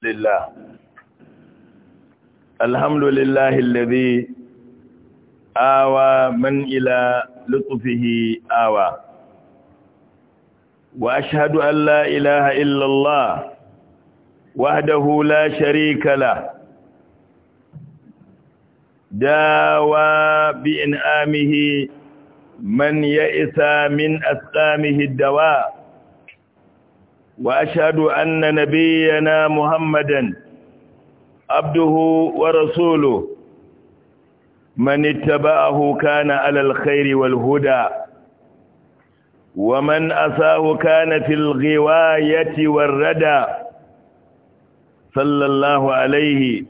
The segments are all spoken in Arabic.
لله الحمد لله الذي آوى من إلى لطفه آوى وأشهد أن لا إله إلا الله وحده لا شريك له داوى بإنعامه من يئس من أسقامه الدواء وأشهد أن نبينا محمدا عبده ورسوله من اتبعه كان على الخير والهدى ومن أساه كان في الغواية والردى صلى الله عليه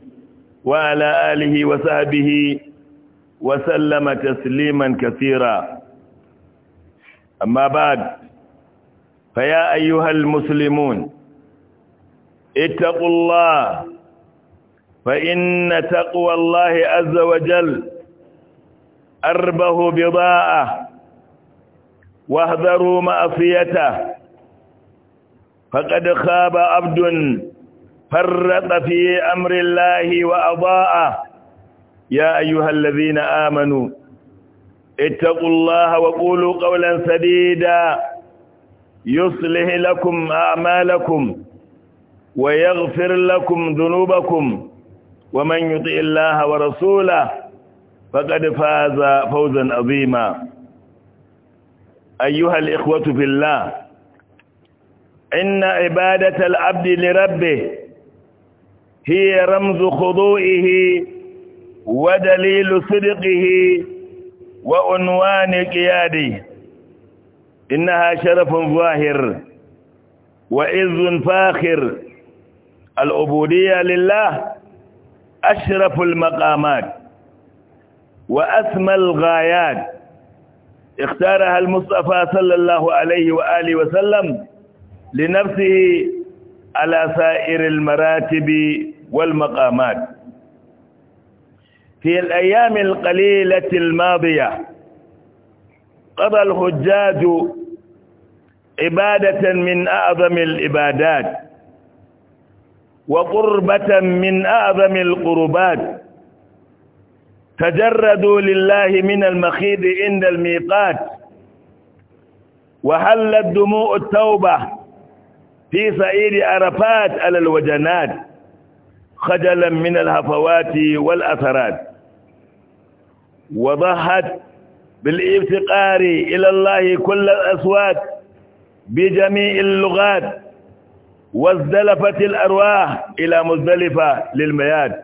وعلى آله وصحبه وسلم تسليما كثيرا أما بعد فيا أيها المسلمون اتقوا الله فإن تقوى الله عز وجل أربه بضاءه واهذروا معصيته فقد خاب عبد فرط في أمر الله وأضاءه يا أيها الذين آمنوا اتقوا الله وقولوا قولا سديدا يصلح لكم أعمالكم ويغفر لكم ذنوبكم ومن يطع الله ورسوله فقد فاز فوزا عظيما أيها الإخوة في الله إن عبادة العبد لربه هي رمز خضوئه ودليل صدقه وعنوان قياده إنها شرف ظاهر وعز فاخر العبودية لله أشرف المقامات وأسمى الغايات اختارها المصطفى صلى الله عليه وآله وسلم لنفسه على سائر المراتب والمقامات في الأيام القليلة الماضية قضى الحجاج عبادة من أعظم العبادات وقربة من أعظم القربات تجردوا لله من المخيض عند الميقات وحلت دموع التوبة في صعيد عرفات على الوجنات خجلا من الهفوات والأثرات وضحت بالافتقار إلى الله كل الأصوات بجميع اللغات وازدلفت الأرواح إلى مزدلفة للمياد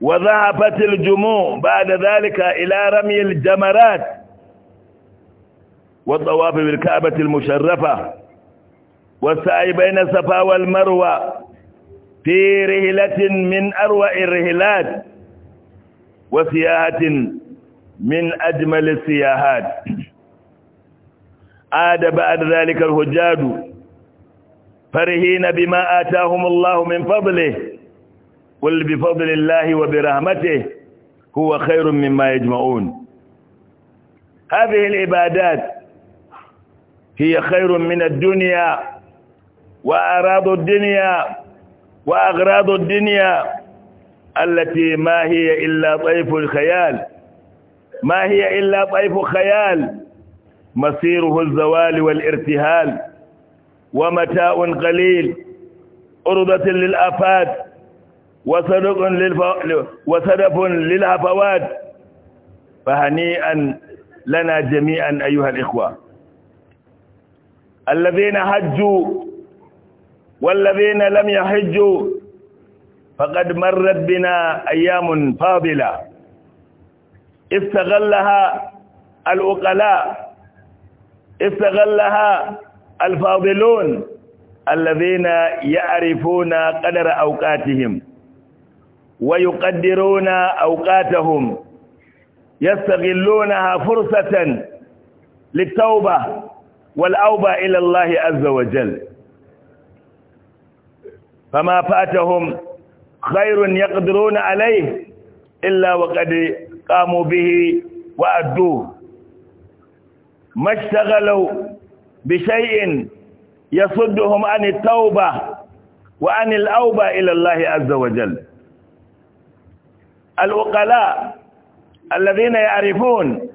وذهبت الجموع بعد ذلك إلى رمي الجمرات والطواف بالكعبة المشرفة والسعي بين الصفا والمروة في رهلة من أروع الرهلات وسياحة من أجمل السياحات عاد بعد ذلك الهجاد فرهين بما آتاهم الله من فضله قل بفضل الله وبرحمته هو خير مما يجمعون هذه العبادات هي خير من الدنيا وأراض الدنيا وأغراض الدنيا التي ما هي إلا طيف الخيال ما هي إلا طيف خيال مصيره الزوال والارتهال ومتاء قليل أرضة للآفات وصدق للف... وصدف للهفوات فهنيئا لنا جميعا أيها الإخوة الذين حجوا والذين لم يحجوا فقد مرت بنا أيام فاضلة استغلها الأقلاء استغلها الفاضلون الذين يعرفون قدر أوقاتهم ويقدرون أوقاتهم يستغلونها فرصة للتوبة والأوبة إلى الله عز وجل فما فاتهم خير يقدرون عليه إلا وقد قاموا به وأدوه ما اشتغلوا بشيء يصدهم عن التوبة وعن الأوبة إلى الله عز وجل العقلاء الذين يعرفون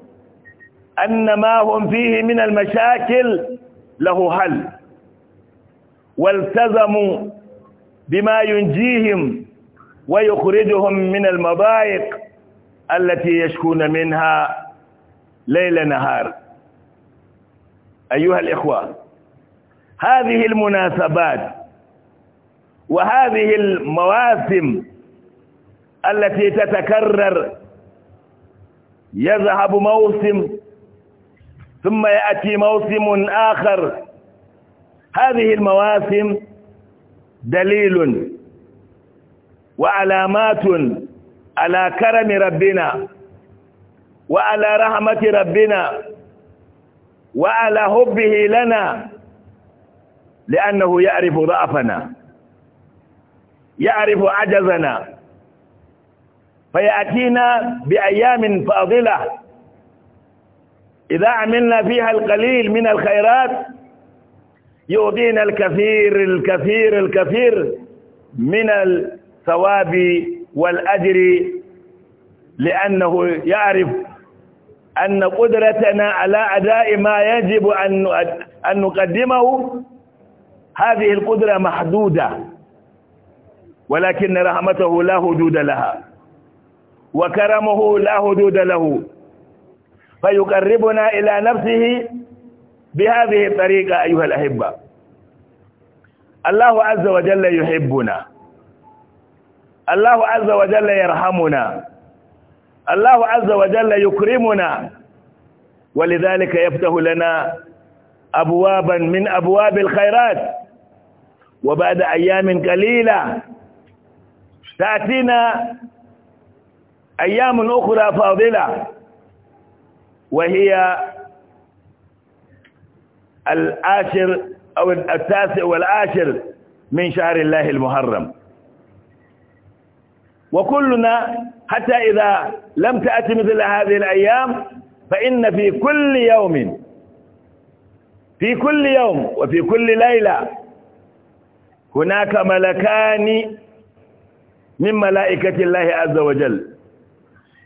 أن ما هم فيه من المشاكل له حل والتزموا بما ينجيهم ويخرجهم من المضايق التي يشكون منها ليل نهار أيها الإخوة هذه المناسبات وهذه المواسم التي تتكرر يذهب موسم ثم يأتي موسم آخر هذه المواسم دليل وعلامات على كرم ربنا وعلى رحمة ربنا وعلى حبه لنا لأنه يعرف ضعفنا يعرف عجزنا فيأتينا بأيام فاضلة إذا عملنا فيها القليل من الخيرات يعطينا الكثير الكثير الكثير من الثواب والأجر لأنه يعرف أن قدرتنا على أداء ما يجب أن نقدمه هذه القدرة محدودة ولكن رحمته لا حدود لها وكرمه لا حدود له فيقربنا إلى نفسه بهذه الطريقة أيها الأحبة الله عز وجل يحبنا الله عز وجل يرحمنا الله عز وجل يكرمنا ولذلك يفتح لنا أبوابا من أبواب الخيرات وبعد أيام قليلة تأتينا أيام أخرى فاضلة وهي العاشر أو التاسع والعاشر من شهر الله المحرم وكلنا حتى إذا لم تأتي مثل هذه الأيام فإن في كل يوم في كل يوم وفي كل ليلة هناك ملكان من ملائكة الله عز وجل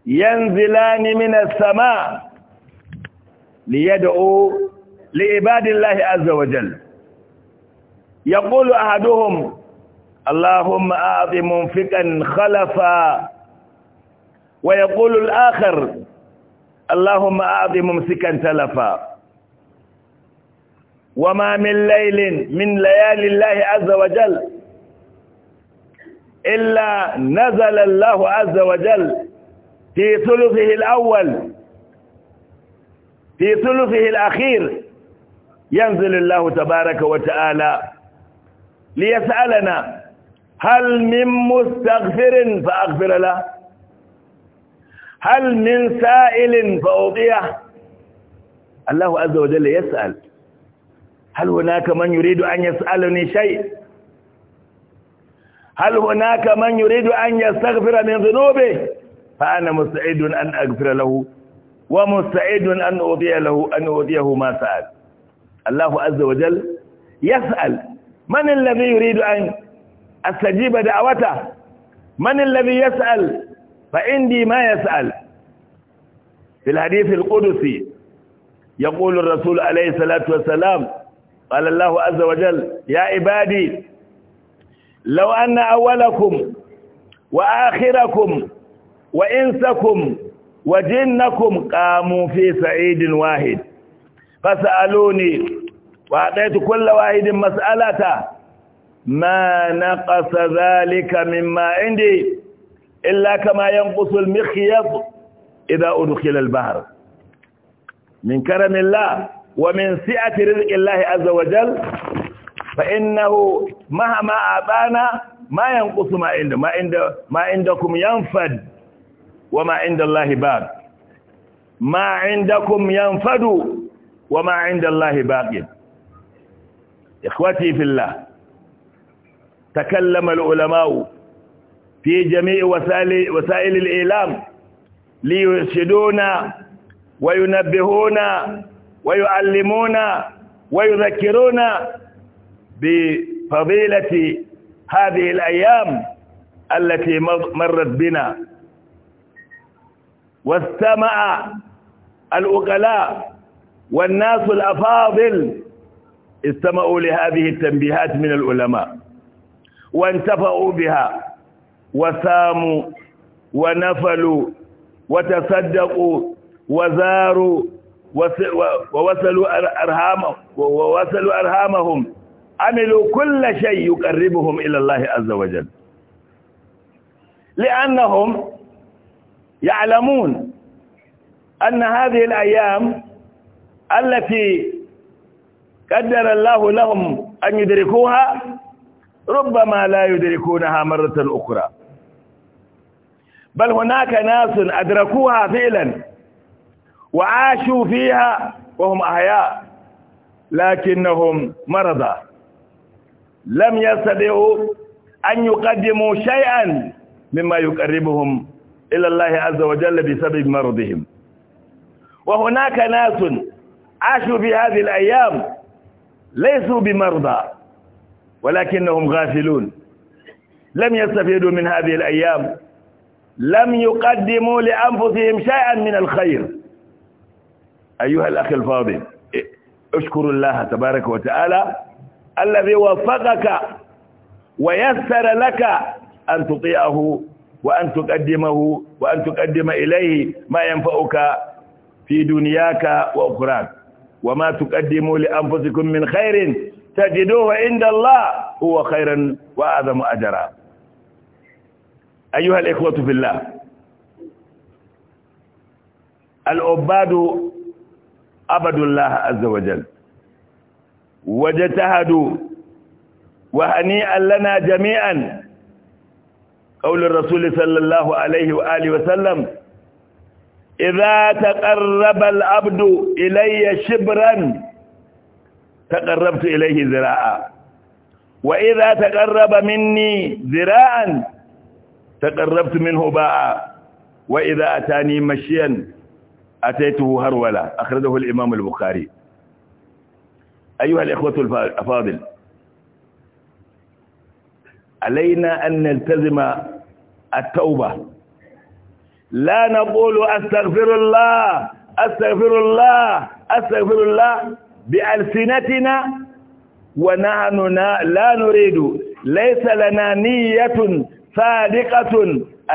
ينزلان من السماء ليدعوا لعباد الله عز وجل يقول أحدهم اللهم أعظم منفقا خلفا ويقول الآخر اللهم أعط ممسكا تلفا وما من ليل من ليالي الله عز وجل إلا نزل الله عز وجل في ثلثه الأول في ثلثه الأخير ينزل الله تبارك وتعالى ليسألنا هل من مستغفر فأغفر له هل من سائل فأوضيه الله عز وجل يسأل هل هناك من يريد أن يسألني شيء هل هناك من يريد أن يستغفر من ذنوبه فأنا مستعد أن أغفر له ومستعد أن أوضي له أن أوضيه ما سأل الله عز وجل يسأل من الذي يريد أن أستجيب دعوته من الذي يسأل فعندي ما يسأل في الحديث القدسي يقول الرسول عليه الصلاة والسلام قال الله عز وجل يا عبادي لو أن أولكم وآخركم وإنسكم وجنكم قاموا في سعيد واحد فسألوني وأعطيت كل واحد مسألة ما نقص ذلك مما عندي إلا كما ينقص المخيط إذا أدخل البحر من كرم الله ومن سعة رزق الله عز وجل فإنه مهما أبانا ما ينقص ما عنده ما عند ما عندكم ينفد وما عند الله باق ما عندكم ينفد وما عند الله باق إخوتي في الله تكلم العلماء في جميع وسائل وسائل الإعلام ليرشدونا وينبهونا ويعلمونا ويذكرونا بفضيلة هذه الأيام التي مرت بنا واستمع الأقلاء والناس الأفاضل استمعوا لهذه التنبيهات من العلماء وانتفعوا بها وساموا ونفلوا وتصدقوا وزاروا ووصلوا أرهامهم ووصلوا أرهامهم عملوا كل شيء يقربهم إلى الله عز وجل لأنهم يعلمون أن هذه الأيام التي قدر الله لهم أن يدركوها ربما لا يدركونها مرة أخرى بل هناك ناس أدركوها فعلا وعاشوا فيها وهم أحياء لكنهم مرضى لم يستطيعوا أن يقدموا شيئا مما يقربهم إلى الله عز وجل بسبب مرضهم وهناك ناس عاشوا في هذه الأيام ليسوا بمرضى ولكنهم غافلون لم يستفيدوا من هذه الأيام لم يقدموا لأنفسهم شيئا من الخير أيها الأخ الفاضل اشكر الله تبارك وتعالى الذي وفقك ويسر لك أن تطيعه وأن تقدمه وأن تقدم إليه ما ينفعك في دنياك وأخراك وما تقدموا لأنفسكم من خير تجدوه عند الله هو خيرا وأعظم أجرا أيها الإخوة في الله العباد عبد الله عز وجل وجتهدوا وهنيئا لنا جميعا قول الرسول صلى الله عليه وآله وسلم إذا تقرب العبد إلي شبرا تقربت إليه ذراعا وإذا تقرب مني ذراعا تقربت منه باء وإذا أتاني مشيا أتيته هرولا أخرجه الإمام البخاري أيها الإخوة الأفاضل علينا أن نلتزم التوبة لا نقول أستغفر الله أستغفر الله أستغفر الله بألسنتنا ونحن لا نريد ليس لنا نية صادقة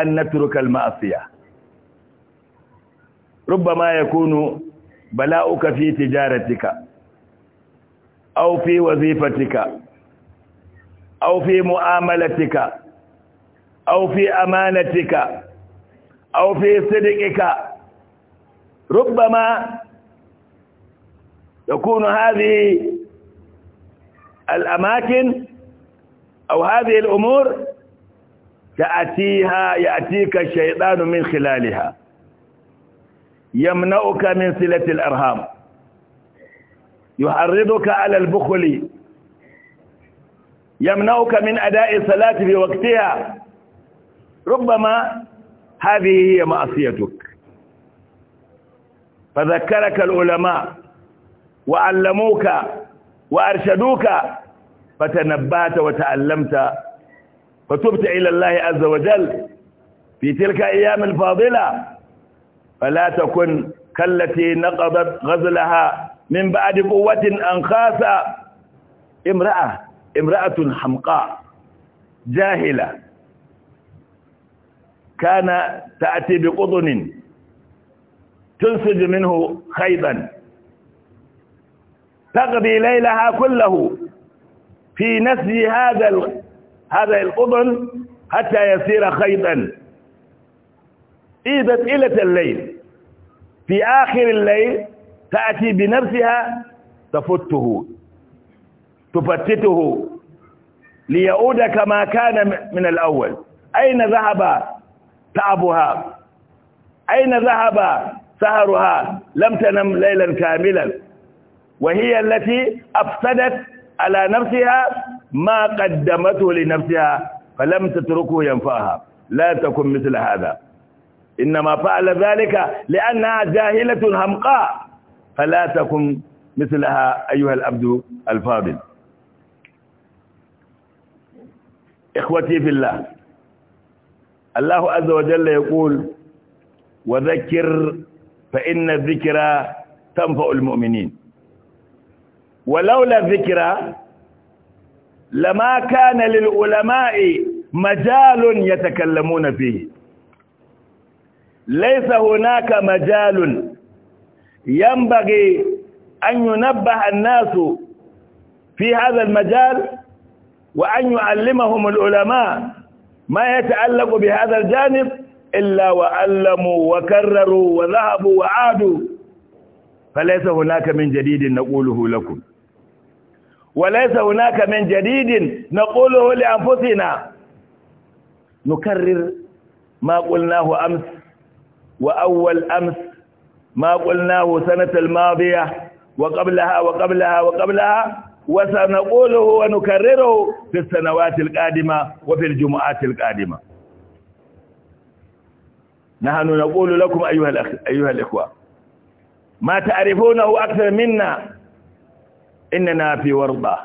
أن نترك المعصية ربما يكون بلاؤك في تجارتك أو في وظيفتك أو في مؤاملتك أو في أمانتك أو في صدقك ربما يكون هذه الأماكن أو هذه الأمور تأتيها يأتيك الشيطان من خلالها يمنعك من صلة الأرهام يحرضك على البخل يمنعك من أداء الصلاة في وقتها ربما هذه هي معصيتك فذكرك العلماء وعلموك وأرشدوك فتنبهت وتعلمت فتبت إلى الله عز وجل في تلك أيام الفاضلة فلا تكن كالتي نقضت غزلها من بعد قوة أنخاسا امرأة امرأة حمقاء جاهلة كان تأتي بقضن تنسج منه خيضا تقضي ليلها كله في نسج هذا هذا القطن حتى يصير خيطا إذا طيلة الليل في آخر الليل تأتي بنفسها تفته تفتته ليعود كما كان من الأول أين ذهب تعبها أين ذهب سهرها لم تنم ليلا كاملا وهي التي أفسدت على نفسها ما قدمته لنفسها فلم تتركه ينفعها لا تكن مثل هذا إنما فعل ذلك لأنها جاهلة همقاء فلا تكن مثلها أيها الأبد الفاضل إخوتي في الله الله عز وجل يقول وذكر فإن الذكرى تنفع المؤمنين ولولا الذكرى لما كان للعلماء مجال يتكلمون فيه ليس هناك مجال ينبغي أن ينبه الناس في هذا المجال وأن يعلمهم العلماء ما يتعلق بهذا الجانب إلا وعلموا وكرروا وذهبوا وعادوا فليس هناك من جديد نقوله لكم وليس هناك من جديد نقوله لأنفسنا نكرر ما قلناه أمس وأول أمس ما قلناه سنة الماضية وقبلها وقبلها وقبلها وسنقوله ونكرره في السنوات القادمة وفي الجمعات القادمة نحن نقول لكم أيها, أيها الإخوة ما تعرفونه أكثر منا إننا في ورطة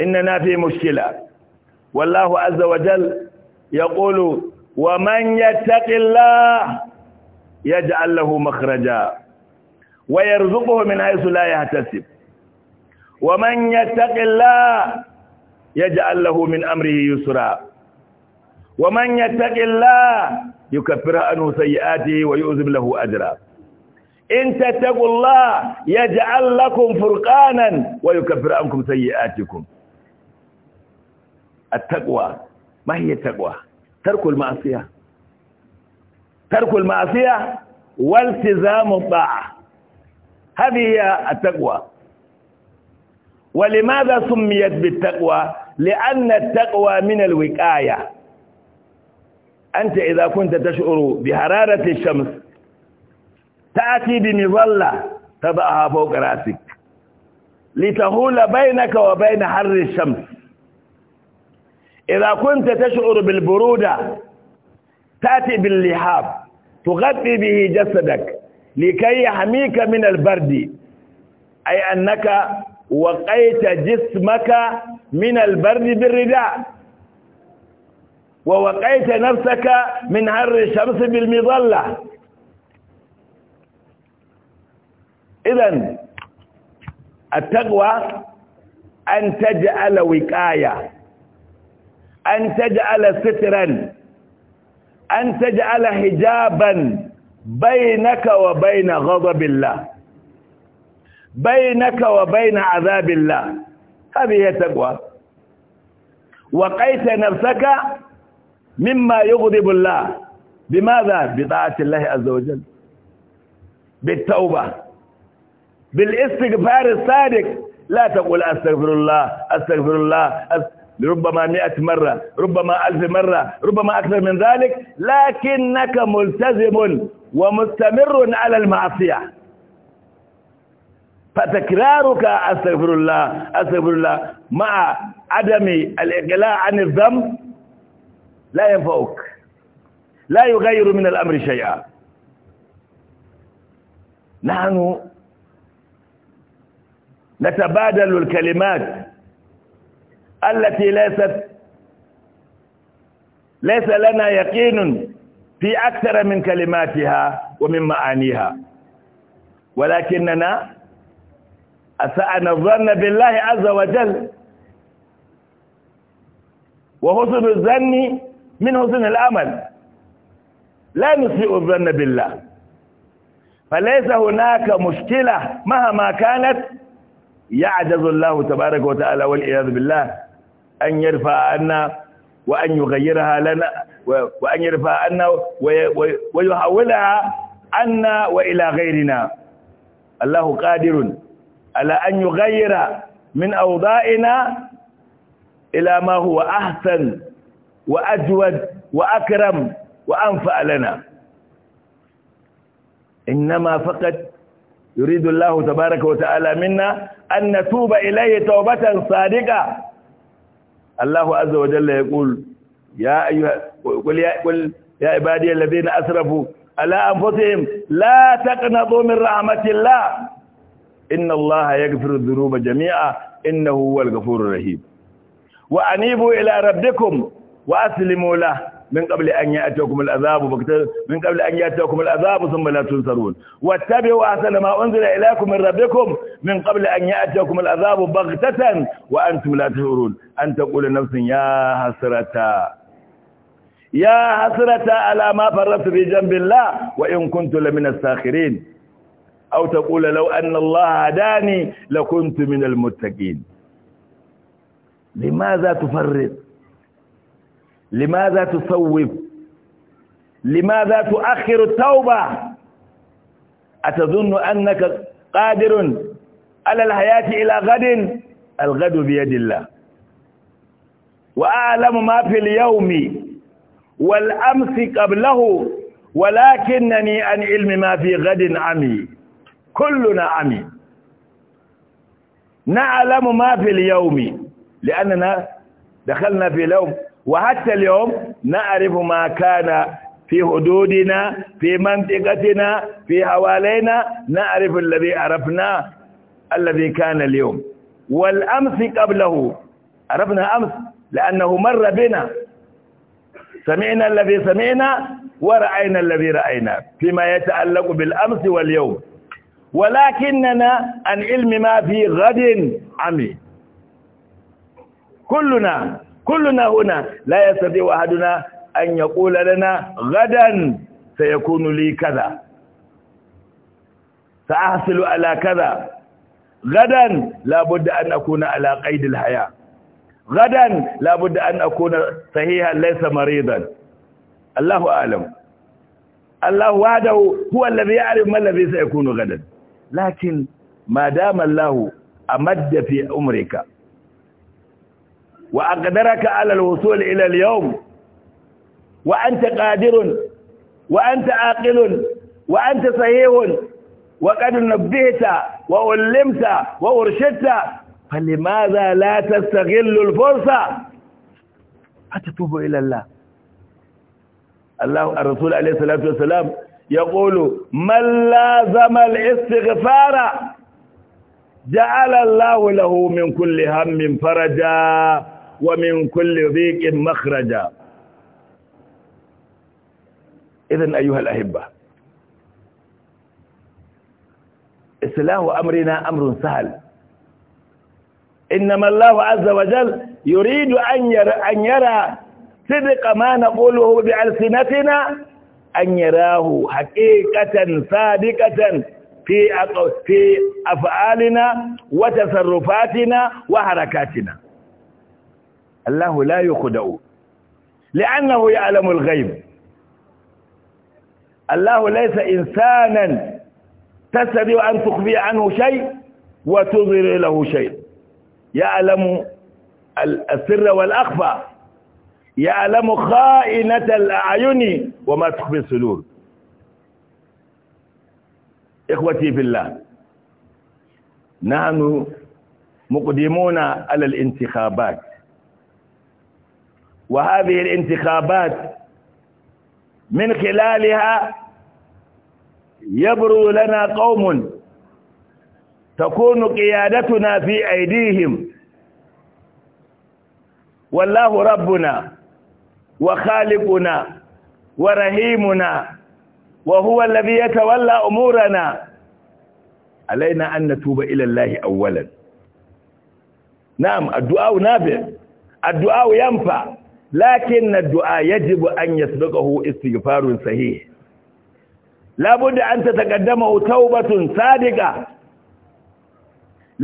إننا في مشكلة والله عز وجل يقول ومن يتق الله يجعل له مخرجا ويرزقه من حيث لا يحتسب ومن يتق الله يجعل له من أمره يسرا ومن يتق الله يكفر عنه سيئاته ويؤذب له أجرا إن تتقوا الله يجعل لكم فرقانا ويكفر عنكم سيئاتكم التقوى ما هي التقوى ترك المعصية ترك المعصية والتزام الطاعة هذه هي التقوى ولماذا سميت بالتقوى لأن التقوى من الوقاية أنت إذا كنت تشعر بحرارة الشمس تأتي بمظلة تضعها فوق رأسك لتهول بينك وبين حر الشمس إذا كنت تشعر بالبرودة تأتي باللحاف تغطي به جسدك لكي يحميك من البرد أي أنك وقيت جسمك من البرد بالرداء ووقيت نفسك من حر الشمس بالمظلة اذا التقوى ان تجعل وقايا ان تجعل سترا ان تجعل حجابا بينك وبين غضب الله بينك وبين عذاب الله هذه هي التقوى وقيت نفسك مما يغضب الله بماذا بطاعه الله عز وجل بالتوبه بالاستغفار الصادق لا تقول استغفر الله استغفر الله ربما مئة مرة ربما ألف مرة ربما أكثر من ذلك لكنك ملتزم ومستمر على المعصية فتكرارك أستغفر الله أستغفر الله مع عدم الإقلاع عن الذنب لا ينفعك لا يغير من الأمر شيئا نحن نتبادل الكلمات التي ليست ليس لنا يقين في أكثر من كلماتها ومن معانيها ولكننا أسأنا الظن بالله عز وجل وحسن الظن من حسن الأمل لا نسيء الظن بالله فليس هناك مشكلة مهما كانت يعجز الله تبارك وتعالى والعياذ بالله أن يرفع عنا وأن يغيرها لنا وأن يرفع عنا ويحولها عنا وإلى غيرنا الله قادر على أن يغير من أوضاعنا إلى ما هو أحسن وأجود وأكرم وأنفع لنا إنما فقط يريد الله تبارك وتعالى منا أن نتوب إليه توبة صادقة الله عز وجل يقول يا أيها قل يا, قل يا عبادي الذين أسرفوا على أنفسهم لا تقنطوا من رحمة الله إن الله يغفر الذنوب جميعا إنه هو الغفور الرحيم وأنيبوا إلى ربكم وأسلموا له من قبل أن يأتيكم العذاب من قبل أن يأتيكم العذاب ثم لا تنصرون واتبعوا أحسن ما أنزل إليكم من ربكم من قبل أن يأتيكم العذاب بغتة وأنتم لا تشعرون أن تقول نفس يا حسرة يا حسرة على ما فرطت في جنب الله وإن كنت لمن الساخرين أو تقول لو أن الله هداني لكنت من المتقين لماذا تفرط لماذا تصوب لماذا تؤخر التوبة أتظن أنك قادر على الحياة إلى غد الغد بيد الله وأعلم ما في اليوم والأمس قبله ولكنني عن علم ما في غد عمي كلنا عمي نعلم ما في اليوم لأننا دخلنا في اليوم وحتى اليوم نعرف ما كان في حدودنا في منطقتنا في حوالينا نعرف الذي عرفناه الذي كان اليوم والأمس قبله عرفنا أمس لأنه مر بنا سمعنا الذي سمعنا ورأينا الذي رأينا فيما يتعلق بالأمس واليوم ولكننا عن علم ما في غد عمي كلنا كلنا هنا لا يستطيع أحدنا أن يقول لنا غدا سيكون لي كذا سأحصل على كذا غدا لابد أن أكون على قيد الحياة غدا لابد أن أكون صحيحا ليس مريضا الله أعلم الله وعده هو الذي يعرف ما الذي سيكون غدا لكن ما دام الله أمد في أمرك وأقدرك على الوصول إلى اليوم وأنت قادر وأنت عاقل وأنت صحيح وقد نبهت وألمت وأرشدت فلماذا لا تستغل الفرصة أتتوب إلى الله الله الرسول عليه الصلاة والسلام يقول من لازم الاستغفار جعل الله له من كل هم فرجا ومن كل ضيق مخرجا إذن أيها الأحبة إصلاح أمرنا أمر سهل إنما الله عز وجل يريد أن يرى, أن يرى صدق ما نقوله بألسنتنا أن يراه حقيقة صادقة في أفعالنا وتصرفاتنا وحركاتنا الله لا يخدأ لأنه يعلم الغيب الله ليس إنسانا تستطيع أن تخفي عنه شيء وتظهر له شيء يعلم السر والأخفى يعلم خائنة الأعين وما تخفي الصدور إخوتي في الله نحن مقدمون على الانتخابات وهذه الانتخابات من خلالها يبرو لنا قوم تكون قيادتنا في أيديهم والله ربنا وخالقنا ورحيمنا وهو الذي يتولى أمورنا علينا أن نتوب إلى الله أولا نعم الدعاء نافع الدعاء ينفع lakin na du'a ya yajibu an yi sadukahu istighfarun sahih labudda an ta taqaddama tawbatun sadiqa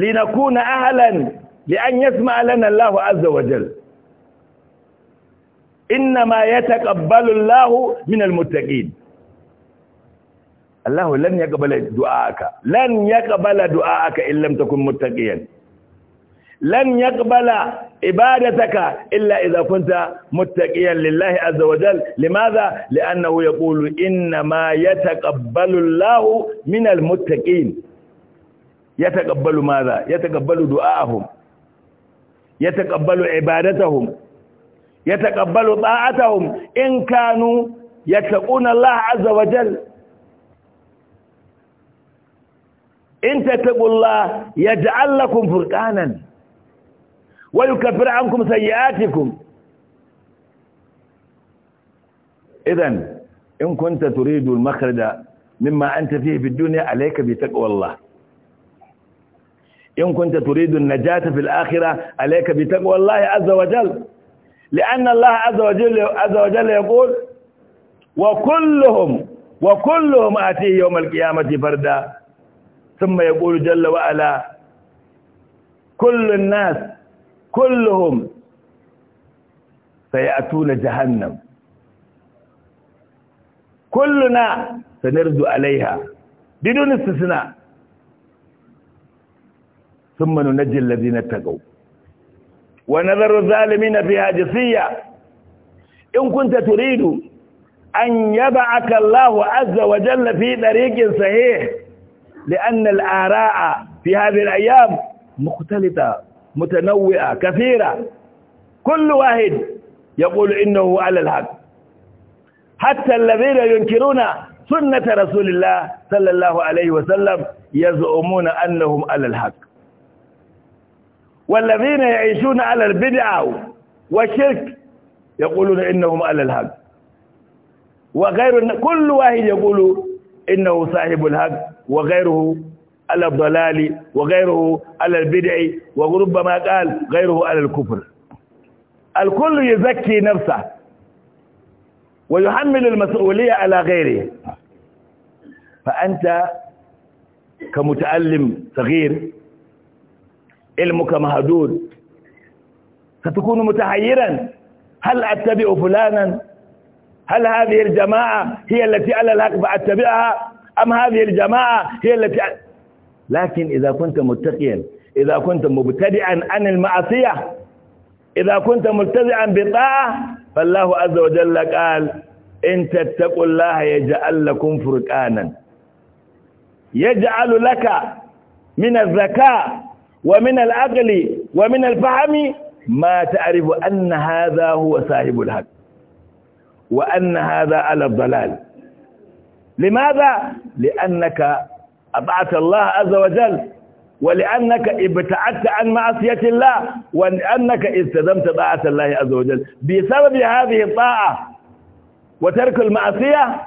linakuna ahlan li an yasma lana Allah azza wa jal inna ma yataqabbalu Allah min almuttaqin Allahu lan yaqbala du'aaka lan yaqbala du'aaka illam takun muttaqiyan لن يقبل عبادتك إلا إذا كنت متقيا لله عز وجل لماذا؟ لأنه يقول إنما يتقبل الله من المتقين يتقبل ماذا؟ يتقبل دعاءهم يتقبل عبادتهم يتقبل طاعتهم إن كانوا يتقون الله عز وجل إن تتقوا الله يجعل لكم فرقانا ويكفر عنكم سيئاتكم إذا إن كنت تريد المخرج مما أنت فيه في الدنيا عليك بتقوى الله إن كنت تريد النجاة في الآخرة عليك بتقوى الله عز وجل لأن الله عز وجل, عز وجل يقول وكلهم وكلهم آتيه يوم القيامة فردا ثم يقول جل وعلا كل الناس كلهم سيأتون جهنم كلنا سنرد عليها بدون استثناء ثم ننجي الذين اتقوا ونذر الظالمين فيها جثيا إن كنت تريد أن يبعك الله عز وجل في طريق صحيح لأن الآراء في هذه الأيام مختلطة متنوعة كثيرة كل واحد يقول إنه على الحق حتى الذين ينكرون سنة رسول الله صلى الله عليه وسلم يزعمون أنهم على الحق والذين يعيشون على البدعة والشرك يقولون إنهم على الحق وغير كل واحد يقول إنه صاحب الحق وغيره على الضلال وغيره على البدع وربما قال غيره على الكفر الكل يزكي نفسه ويحمل المسؤولية على غيره فأنت كمتعلم صغير علمك مهدود ستكون متحيرا هل أتبع فلانا هل هذه الجماعة هي التي على الحق فأتبعها أم هذه الجماعة هي التي لكن إذا كنت متقيا إذا كنت مبتدئا عن المعصية إذا كنت ملتزعا بطاعة فالله عز وجل قال إن تتقوا الله يجعل لكم فرقانا يجعل لك من الذكاء ومن العقل ومن الفهم ما تعرف أن هذا هو صاحب الحق وأن هذا على الضلال لماذا؟ لأنك أطعت الله عز وجل ولأنك ابتعدت عن معصية الله ولأنك استدمت طاعة الله عز وجل بسبب هذه الطاعة وترك المعصية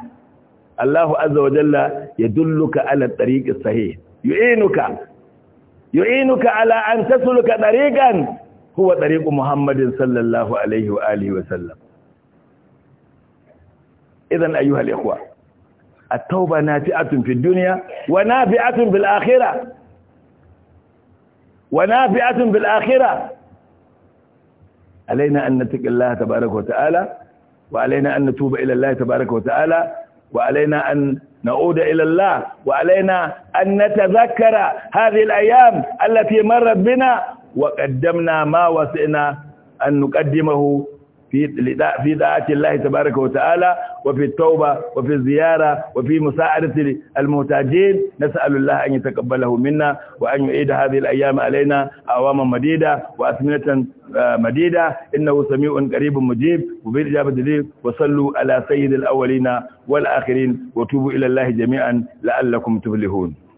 الله عز وجل يدلك على الطريق الصحيح يعينك يعينك على أن تسلك طريقا هو طريق محمد صلى الله عليه وآله وسلم إذا أيها الإخوة التوبة نافعة في الدنيا ونافعة بالآخرة ونافعة بالآخرة علينا أن نتق الله تبارك وتعالى وعلينا أن نتوب إلى الله تبارك وتعالى وعلينا أن نعود إلى الله وعلينا أن نتذكر هذه الأيام التي مرت بنا وقدمنا ما وسئنا أن نقدمه في في دعاء الله تبارك وتعالى وفي التوبة وفي الزيارة وفي مساعدة المحتاجين نسأل الله أن يتقبله منا وأن يعيد هذه الأيام علينا أعواما مديدة وأثمنة آه، مديدة إنه سميع قريب مجيب وفي الاجابة لي وصلوا على سيد الأولين والآخرين وتوبوا إلى الله جميعا لعلكم تفلحون